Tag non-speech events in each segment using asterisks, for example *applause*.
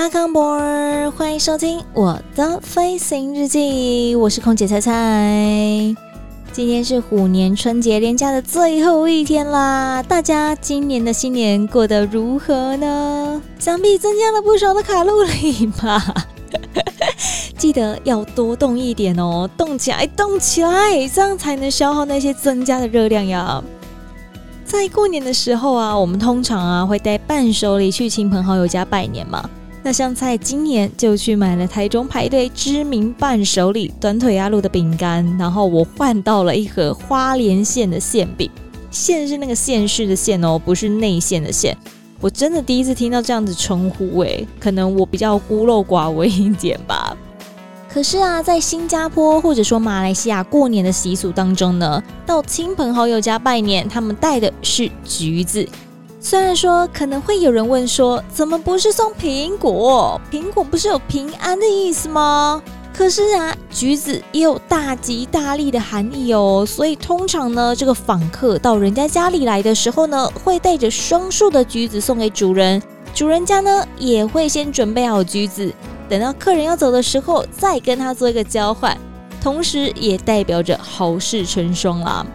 Welcome aboard！歡迎收聽我的飛行日記，我是空姐菜菜。今天是虎年春節連假的最後一天啦，大家今年的新年過得如何呢？想必增加了不少的卡路里吧？ *laughs* 記得要多動一點哦，動起來，動起來，這樣才能消耗那些增加的熱量呀。在過年的時候啊，我們通常啊會帶伴手禮去親朋好友家拜年嘛。那香菜今年就去買了台中排隊知名伴手禮短腿阿鹿的餅乾，然後我換到了一盒花蓮縣的縣餅，縣是那個縣市的縣哦，不是內餡的餡。我真的第一次聽到這樣子稱呼哎，可能我比較孤陋寡聞一點吧。可是啊，在新加坡或者說馬來西亞過年的習俗當中呢，到親朋好友家拜年，他們帶的是橘子。雖然說可能會有人問說，怎麼不是送蘋果？蘋果不是有平安的意思嗎？可是啊，橘子也有大吉大利的含義哦。所以通常呢，這個訪客到人家家裡來的時候呢，會帶着雙數的橘子送給主人，主人家呢也會先準備好橘子，等到客人要走的時候再跟他做一個交換，同時也代表着好事成雙啦、啊。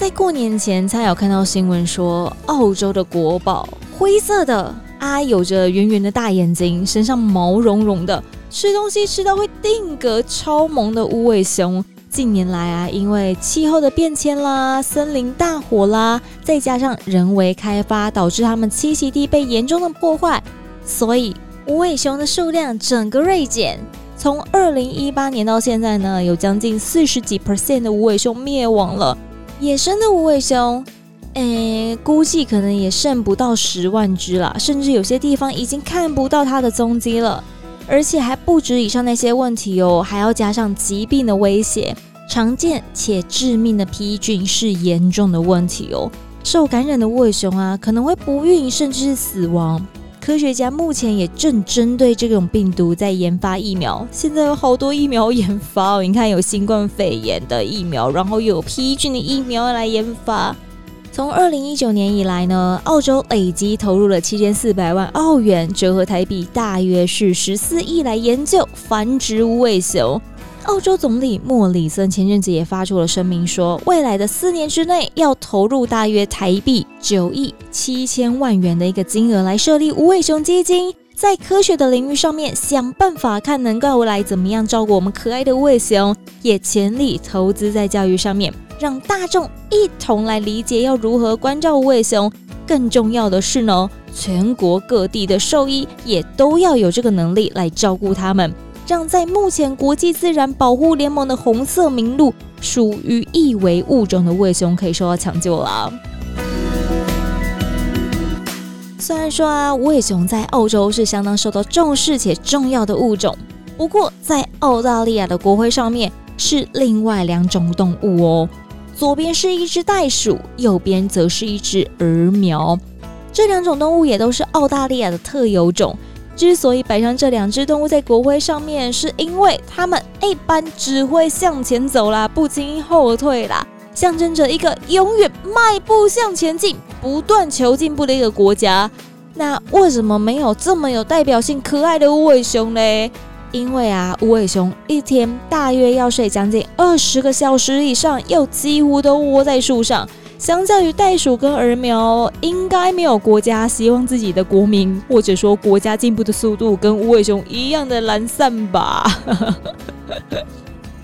在過年前，才有看到新聞說，澳洲的國寶——灰色的啊，有着圓圓的大眼睛，身上毛茸茸的，吃東西吃到會定格，超萌的無尾熊。近年來啊，因為氣候的變遷啦，森林大火啦，再加上人為開發，導致它們棲息地被嚴重的破壞，所以無尾熊的數量整個銳減。從二零一八年到現在呢，有將近四十幾 percent 的無尾熊滅亡了。野生的無尾熊，哎、欸，估計可能也剩不到十萬隻了，甚至有些地方已經看不到它的蹤跡了。而且還不止以上那些問題哦，還要加上疾病的威脅。常見且致命的披衣菌是嚴重的問題哦，受感染的無尾熊啊，可能會不孕，甚至是死亡。科學家目前也正針對這種病毒在研發疫苗。現在有好多疫苗研發哦，你看有新冠肺炎的疫苗，然後又有披衣菌的疫苗來研發。從二零一九年以來呢，澳洲累計投入了七千四百萬澳元，折合台幣大約是十四億，來研究繁殖無尾熊。澳洲總理莫里森前陣子也發出了聲明說，說未來的四年之內要投入大約台幣九億七千萬元的一個金額來設立無尾熊基金，在科學的領域上面想辦法，看能夠未來怎麼樣照顧我們可愛的無尾熊，也全力投資在教育上面，讓大眾一同來理解要如何關照無尾熊。更重要的是呢，全國各地的獸醫也都要有這個能力來照顧他們。讓在目前國際自然保護聯盟的紅色名錄，屬於易危物種的無尾熊可以受到搶救了、啊。雖然說啊，無尾熊在澳洲是相當受到重視且重要的物種，不過在澳大利亞的國徽上面是另外兩種動物哦，左邊是一隻袋鼠，右邊則是一隻鴯鶓，這兩種動物也都是澳大利亞的特有種。之所以擺上這兩隻動物在國徽上面，是因為它們一般只會向前走啦，不輕易後退啦，象徵着一個永遠邁步向前進、不斷求進步的一個國家。那為什麼沒有這麼有代表性、可愛的無尾熊嘞？因為啊，無尾熊一天大約要睡將近二十個小時以上，又幾乎都窩在樹上。相較於袋鼠跟鴯鶓，應該沒有國家希望自己的國民或者說國家進步的速度跟無尾熊一樣的懶散吧？ *laughs*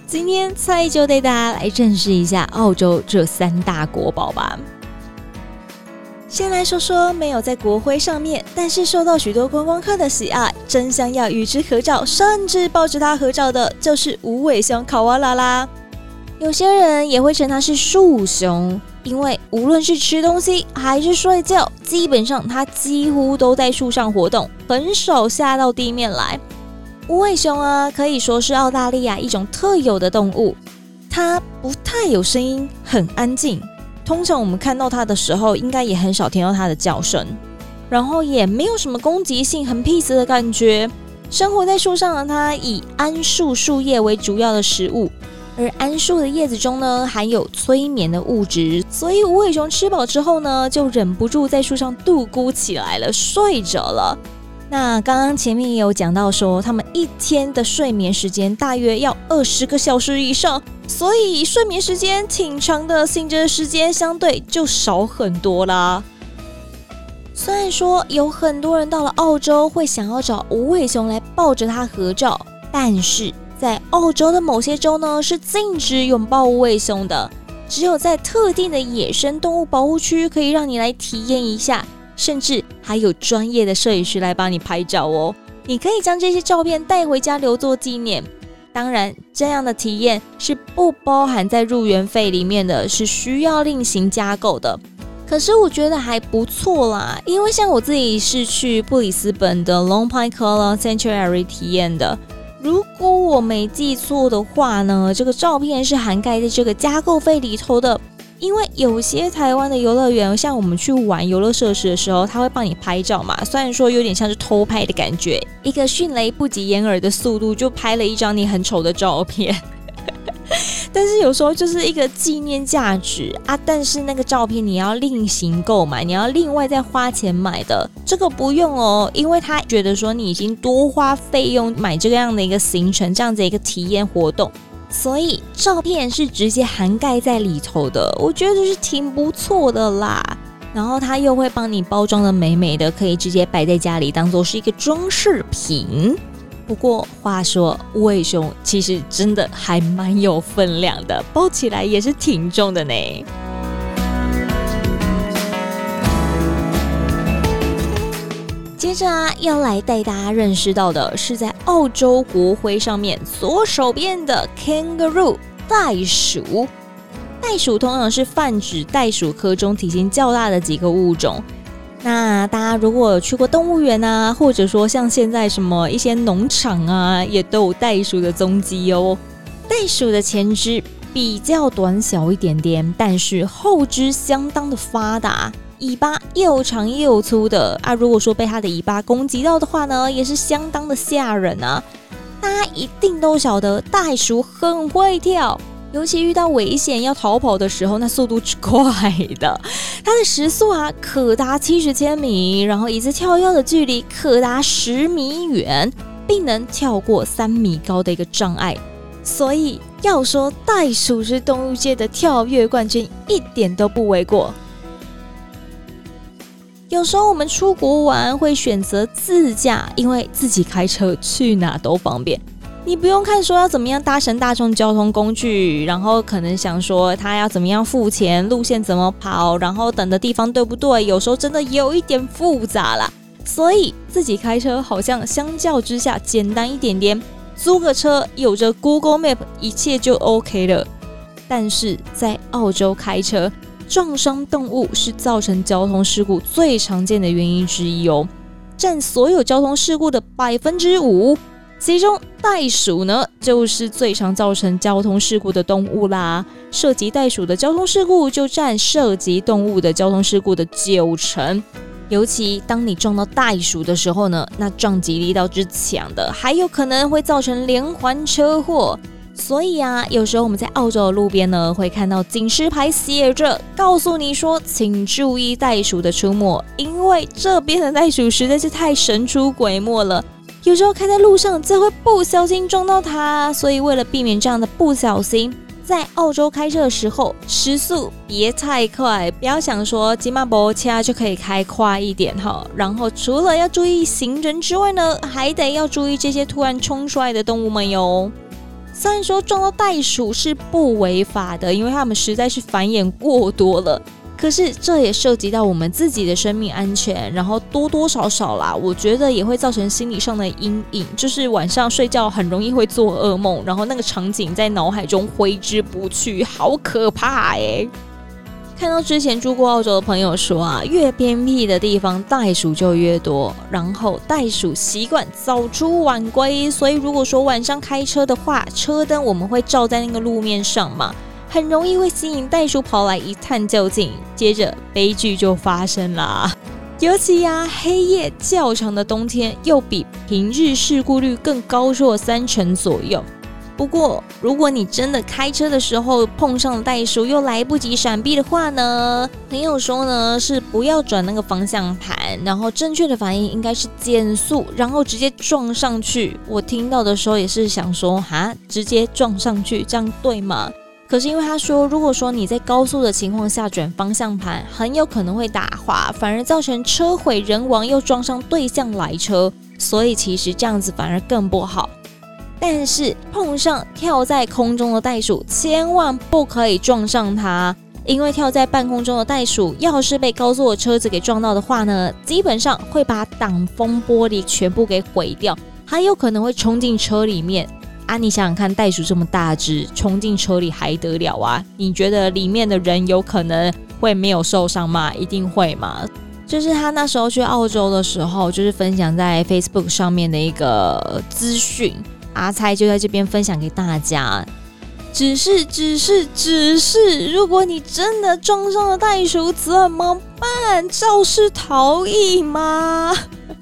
今天菜就帶大家來認識一下澳洲這三大國寶吧。先來說說沒有在國徽上面，但是受到許多觀光客的喜愛，真想要與之合照，甚至抱着它合照的，就是無尾熊考瓦拉啦。有些人也會稱它是樹熊。因為無論是吃東西還是睡覺，基本上它幾乎都在樹上活動，很少下到地面來。無尾熊啊，可以說是澳大利亞一種特有的動物。它不太有聲音，很安靜。通常我們看到它的時候，應該也很少聽到它的叫聲。然後也沒有什麼攻擊性，很 peace 的感覺。生活在樹上的它，以桉樹樹葉為主要的食物。而桉樹的葉子中呢，含有催眠的物質，所以無尾熊吃飽之後呢，就忍不住在樹上度咕起來了，睡着了。那剛剛前面也有講到說，他們一天的睡眠時間大約要二十個小時以上，所以睡眠時間挺長的，醒着的時間相對就少很多啦。雖然說有很多人到了澳洲會想要找無尾熊來抱着他合照，但是，在澳洲的某些州呢，是禁止擁抱無尾熊的。只有在特定的野生動物保護區，可以讓你來體驗一下，甚至還有專業的攝影師來幫你拍照哦。你可以將這些照片帶回家留作紀念。當然，這樣的體驗是不包含在入園費裡面的，是需要另行加購的。可是我覺得還不錯啦，因為像我自己是去布里斯本的 Long Pine Koala Sanctuary 體驗的。如果我沒記錯的話呢，這個照片是涵蓋在這個加購費裡頭的，因為有些台灣的遊樂園，像我們去玩遊樂設施的時候，他會幫你拍照嘛，雖然說有點像是偷拍的感覺，一個迅雷不及掩耳的速度就拍了一張你很醜的照片。 *laughs* 但是有時候就是一個紀念價值啊，但是那個照片你要另行購買，你要另外再花錢買的，這個不用哦，因為他覺得說你已經多花費用買這個樣的一個行程，這樣子一個體驗活動，所以照片是直接涵蓋在裡頭的，我覺得是挺不錯的啦。然後他又會幫你包裝得美美的，可以直接擺在家裡當做是一個裝飾品。不過，話說，無尾熊其實真的還蠻有分量的，抱起來也是挺重的呢。接着啊，要來帶大家認識到的是，在澳洲國徽上面左手邊的 kangaroo（ 袋鼠）。袋鼠通常是泛指袋鼠科中體型較大的幾個物種。那大家如果有去過動物園啊，或者說像現在什麼一些農場啊，也都有袋鼠的蹤跡哦。袋鼠的前肢比較短小一點點，但是後肢相當的發達，尾巴又長又粗的。啊，如果說被它的尾巴攻擊到的話呢，也是相當的嚇人啊。大家一定都曉得，袋鼠很會跳。尤其遇到危險要逃跑的時候，那速度是快的。它的時速啊可達七十千米，然後一次跳躍的距離可達十米遠，並能跳過三米高的一個障礙。所以，要說袋鼠是動物界的跳躍冠軍，一點都不為過。有時候我們出國玩會選擇自駕，因為自己開車去哪都方便。你不用看說要怎麼樣搭乘大眾交通工具，然後可能想說他要怎麼樣付錢，路線怎麼跑，然後等的地方對不對？有時候真的有一點複雜了，所以自己開車好像相較之下簡單一點點。租個車，有着 Google Map，一切就 OK 了。但是在澳洲開車，撞傷動物是造成交通事故最常見的原因之一哦，占所有交通事故的百分之五。其中袋鼠呢，就是最常造成交通事故的動物啦。涉及袋鼠的交通事故就占涉及動物的交通事故的九成。尤其當你撞到袋鼠的時候呢，那撞擊力道之強的，還有可能會造成連環車禍。所以啊，有時候我們在澳洲的路邊呢，會看到警示牌寫着，告訴你說，請注意袋鼠的出沒，因為這邊的袋鼠實在是太神出鬼沒了。有時候開在路上就會不小心撞到它，所以為了避免這樣的不小心，在澳洲開車的時候時速別太快，不要想說現在沒車就可以開快一點哈。然後除了要注意行人之外呢，還得要注意這些突然衝出來的動物們喲。雖然說撞到袋鼠是不違法的，因為他們實在是繁衍過多了。可是這也涉及到我們自己的生命安全，然後多多少少啦，我覺得也會造成心理上的陰影，就是晚上睡覺很容易會做噩夢，然後那個場景在腦海中揮之不去，好可怕哎、欸！看到之前住過澳洲的朋友說啊，越偏僻的地方袋鼠就越多，然後袋鼠習慣早出晚歸，所以如果說晚上開車的話，車燈我們會照在那個路面上嘛。很容易會吸引袋鼠跑來一探究竟，接着悲劇就發生了。尤其呀、啊，黑夜較長的冬天，又比平日事故率更高出了三成左右。不過，如果你真的開車的時候碰上袋鼠，又來不及閃避的話呢？朋友說呢，是不要轉那個方向盤，然後正確的反應應該是減速，然後直接撞上去。我聽到的時候也是想說，哈，直接撞上去，這樣對嗎？可是因為他說，如果說你在高速的情況下轉方向盤，很有可能會打滑，反而造成車毀人亡，又撞上對向來車，所以其實這樣子反而更不好。但是碰上跳在空中的袋鼠，千萬不可以撞上它，因為跳在半空中的袋鼠，要是被高速的車子給撞到的話呢，基本上會把擋風玻璃全部給毀掉，還有可能會衝進車裡面。啊，你想想看，袋鼠這麼大隻，衝進車裡還得了啊？你覺得裡面的人有可能會沒有受傷嗎？一定會嗎？就是他那時候去澳洲的時候，就是分享在 Facebook 上面的一個資訊。阿菜就在這邊分享給大家。只是，只是，只是，如果你真的撞上了袋鼠，怎麼辦？肇事逃逸嗎？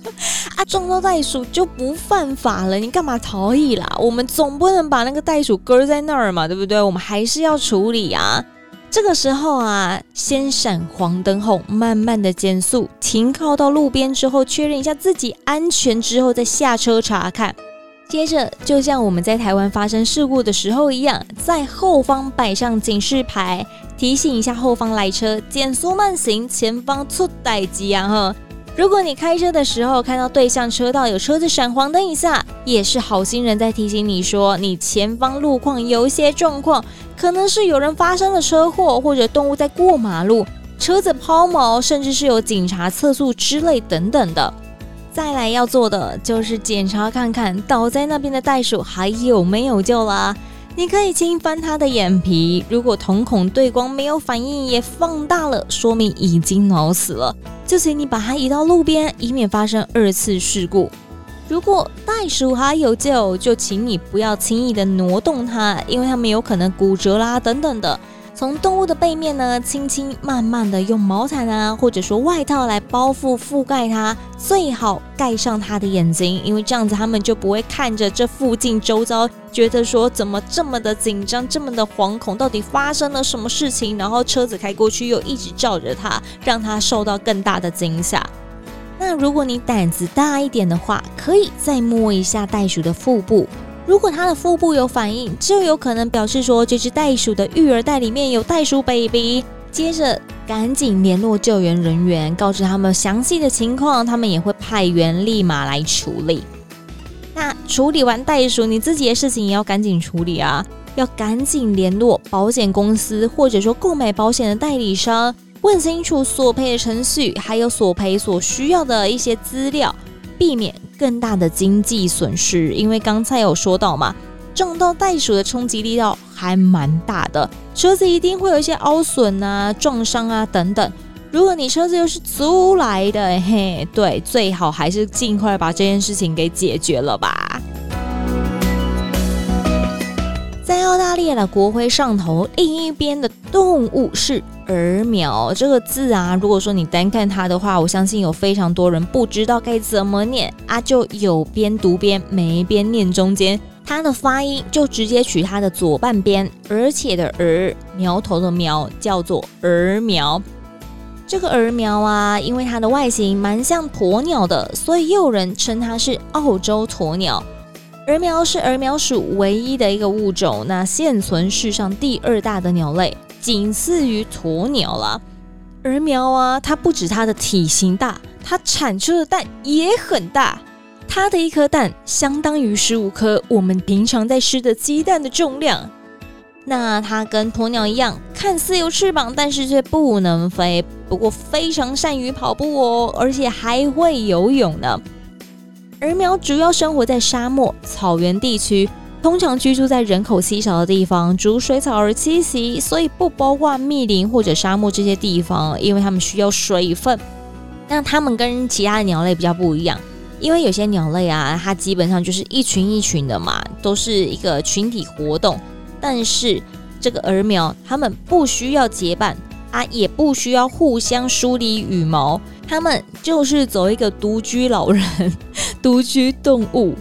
*laughs* 啊，撞到袋鼠就不犯法了？你幹嘛逃逸啦？我們總不能把那個袋鼠擱在那兒嘛，對不對？我們還是要處理啊。這個時候啊，先閃黃燈後，後慢慢的減速，停靠到路邊之後，確認一下自己安全之後再下車查看。接着，就像我們在台灣發生事故的時候一樣，在後方擺上警示牌，提醒一下後方來車減速慢行，前方出代誌啊，哈。如果你開車的時候看到對向車道有車子閃黃燈一下，也是好心人在提醒你說，你前方路況有一些狀況，可能是有人發生了車禍，或者動物在過馬路，車子拋錨，甚至是有警察測速之類等等的。再來要做的就是檢查看看倒在那邊的袋鼠還有沒有救啦啊。你可以輕翻他的眼皮，如果瞳孔對光沒有反應，也放大了，說明已經腦死了。就請你把它移到路邊，以免發生二次事故。如果袋鼠還有救，就請你不要輕易的挪動它，因為它們有可能骨折啦，等等的。從動物的背面呢，輕輕慢慢的用毛毯啊，或者說外套來包覆覆蓋它，最好蓋上它的眼睛，因為這樣子它們就不會看着這附近周遭，覺得說怎麼這麼的緊張，這麼的惶恐，到底發生了什麼事情？然後車子開過去又一直照着它，讓它受到更大的驚嚇。那如果你膽子大一點的話，可以再摸一下袋鼠的腹部。如果它的腹部有反應，就有可能表示說這只袋鼠的育兒袋裡面有袋鼠 baby。接着趕緊聯絡救援人員，告知他們詳細的情況，他們也會派員立馬來處理。那處理完袋鼠，你自己的事情也要趕緊處理啊！要趕緊聯絡保險公司，或者說購買保險的代理商，問清楚索賠的程序，還有索賠所需要的一些資料。避免更大的經濟損失，因為剛才有說到嘛，撞到袋鼠的衝擊力道還蠻大的，車子一定會有一些凹損啊、撞傷啊等等。如果你車子又是租來的，嘿，對，最好還是盡快把這件事情給解決了吧。在澳大利亞的國徽上頭，另一邊的動物是。鴯鶓這個字啊，如果說你單看它的話，我相信有非常多人不知道該怎麼念啊，就有邊讀邊，沒邊念中間。它的發音就直接取它的左半邊，而且的而，苗頭的苗，叫做鴯鶓。這個鴯鶓啊，因為它的外形蠻像鴕鳥的，所以又有人稱它是澳洲鴕鳥。鴯鶓是鴯鶓屬唯一的一個物種，那現存世上第二大的鳥類。僅次於鴕鳥啦，鴯鶓啊，它不止它的體型大，它產出的蛋也很大。它的一顆蛋相當於十五顆我們平常在吃的雞蛋的重量。那它跟鴕鳥一樣，看似有翅膀，但是卻不能飛。不過非常善於跑步哦，而且還會游泳呢。鴯鶓主要生活在沙漠、草原地區。通常居住在人口稀少的地方，逐水草而棲息，所以不包括密林或者，沙漠這些地方，因為它們需要水分。那它們跟其他的鳥類比較不一樣，因為有些鳥類啊，它基本上就是一群一群的嘛，都是一個群體活動。但是這個鴯鶓，它們不需要結伴，啊，也不需要互相梳理羽毛，它們就是走一個獨居老人，獨居動物。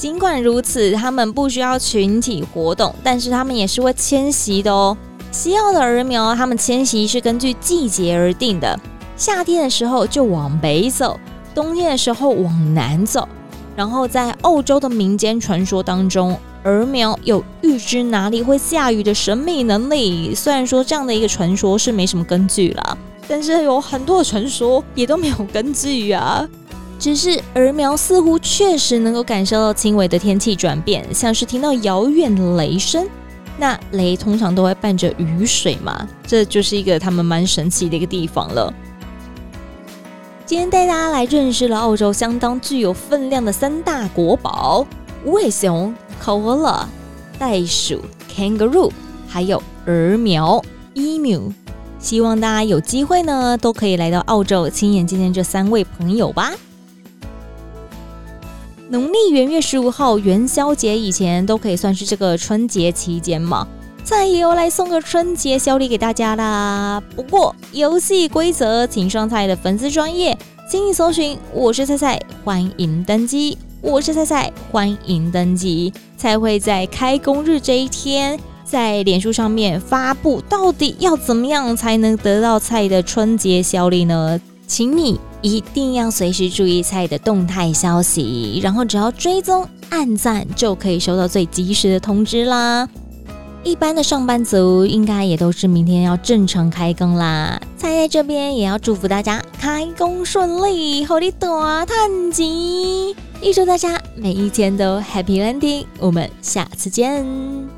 儘管如此，它們不需要群體活動，但是它們也是會遷徙的哦。西澳的鴯鶓，它們遷徙是根據季節而定的，夏天的時候就往北走，冬天的時候往南走。然後在澳洲的民間傳說當中，鴯鶓有預知哪裡會下雨的神秘能力。雖然說這樣的一個傳說是沒什麼根據了，但是有很多的傳說也都沒有根據啊。只是鴯鶓似乎確實能夠感受到輕微的天氣轉變，像是聽到遙遠的雷聲。那雷通常都會伴着雨水嘛？這就是一個他們蠻神奇的一個地方了。今天帶大家來認識了澳洲相當具有分量的三大國寶：無尾熊 Koala 袋鼠 （Kangaroo），還有鴯鶓 （Emu）。希望大家有機會呢，都可以來到澳洲親眼見見這三位朋友吧。農曆元月十五號，元宵節以前都可以算是這個春節期間嘛？菜也要來送個春節小禮給大家啦！不過遊戲規則，請上菜的粉絲專頁，請你搜尋，我是菜菜，歡迎登機。我是菜菜，歡迎登機。菜會在開工日這一天在臉書上面發佈，到底要怎麼樣才能得到菜的春節小禮呢？請你一定要隨時注意菜的動態消息，然後只要追蹤、按讚，就可以收到最及時的通知啦。一般的上班族應該也都是明天要正常開工啦，菜在這邊也要祝福大家開工順利，好利多趁錢，預祝大家每一天都 Happy Landing。我們下次見。